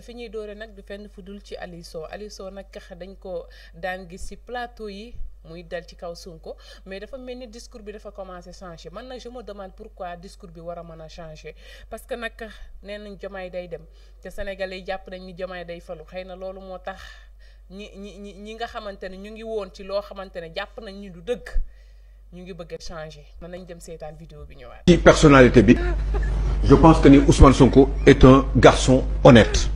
fi ñuy doore nag du fenn fu dul ci Aliou aliso Aliou Sow dañ ko daan gis ci plateau yi muy dal ci kaw sunko mais dafa mel ni discours bi dafa commencé changer man nag je me demande pourquoi discours bi war a mën a changer parce que nag nee nañ Diomaye day dem te sénégalais yi jàpp nañ ni Diomaye day falu xëy na loolu moo tax ñi ñi ñi ñi nga xamantene ñu ngi woon ci loo xamantene japp nañ ñu du dëgg ñu ngi bëgg changer mën nañ dem seetaan vidéo bi ñëwaat. ci personnalité bi je pense que ni Ousmane Sonko est un garçon honnête.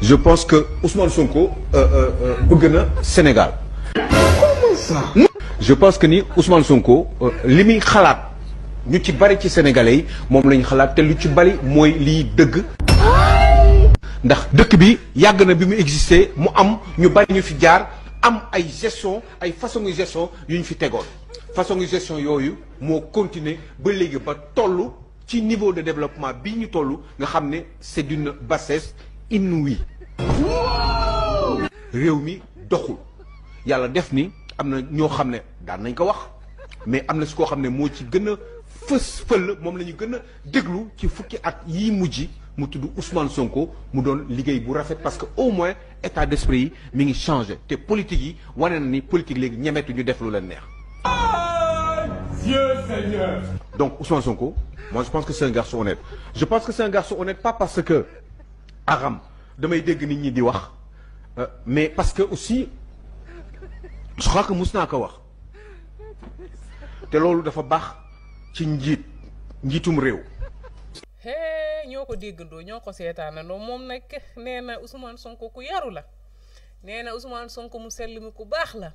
je pense que Ousmane Sonko euh, euh, euh, bëgg na Sénégal. comment ça. je pense que ni Ousmane Sonko limi muy xalaat ñu ci bari ci sénégalais mom lañ la ñu xalaat te lu ci bari moy li dëgg ndax dëkk bi yàgg na bi exister mu am ñu bari ñu fi jaar am ay gestion ay façon gestion yu fi tegoon façon gestion yooyu moo continuer ba léegi ba toll ci niveau de développement bi ñu nga c'est d'une bassesse inouïe réew doxul yàlla def ni ne daan nañ ko wax mais am na si koo xam ci gën a fës fël moom la ñu mu Ousmane Sonko mu doon liggéey bu rafet parce que au moins état d'esprit yi mi ngi changé te politique yi wane na ni politique léegi ñemetu ñu def lu neex. Donc Ousmane Sonko, moi je pense que c'est un garçon honnête. Je pense que c'est un garçon honnête pas parce que Aram, damay dégg nit ñi di euh, mais parce que aussi je crois que musna ko wax te loolu dafa bax ci bëri ñoo ko déggandoo ñoo ko seetaanandoo moom nag nee na Ousmane Sonko ku yaru la nee na Ousmane Sonko mu sell mi ku baax la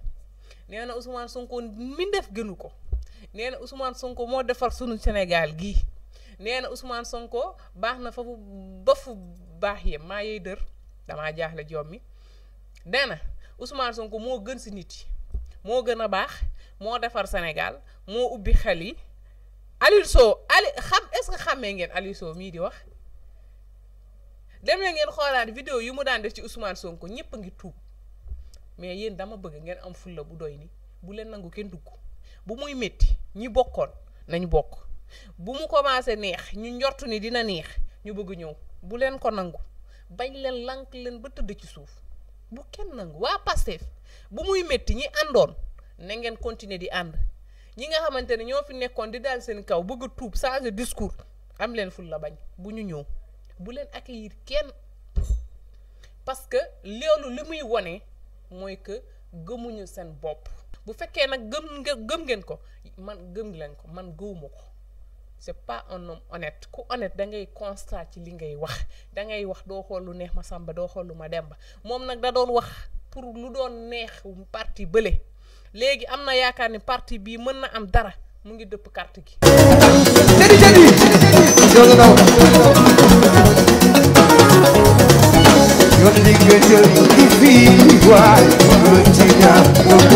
nee na Ousmane Sonko mi def gënu ko nee na Ousmane Sonko moo defar sunu Sénégal gii nee na Ousmane Sonko baax na fa bu baax yem maa yey dër damaa jaaxle joom mi nee na Ousmane Sonko moo gën si nit yi moo gën a baax moo defar Sénégal moo ubbi xel yi. Aliou Sow Ali xam est-ce que xàmmee ngeen Aliou mii di wax dem na ngeen xoolaat vidéo yu mu daan def ci Ousmane Sonko ñëpp a ngi tuub mais yéen dama bëgg ngeen am fulla bu doy ni bu leen nangu kenn dugg bu muy métti ñi bokkoon nañu bokk bu mu commencé neex ñu njortu ni dina neex ñu bëgg ñëw bu leen ko nangu bañ leen lank leen ba tëdd ci suuf bu kenn nangu waa Pastef bu muy métti ñi àndoon na ngeen continuer di ànd. ñi nga xamante ne ñoo fi nekkoon di daal seen kaw bëgg a tuub changer discours am leen ful la bañ bu ñu ñëw bu leen ak accueillir kenn parce que loolu li muy wone mooy que gëmuñu seen bopp. bu fekkee nag gëm nga gëm ngeen ko man gëm leen ko man gëwuma ko c'est pas un homme honnête ku honnête da ngay constat ci li ngay wax da ngay wax doo xool lu neex ma sàmba doo xool lu ma demba moom nag da doon wax pour lu doon neex parti bële. léegi am na yaakaar ni parti bii mën na am dara mu ngi dëpp carte gi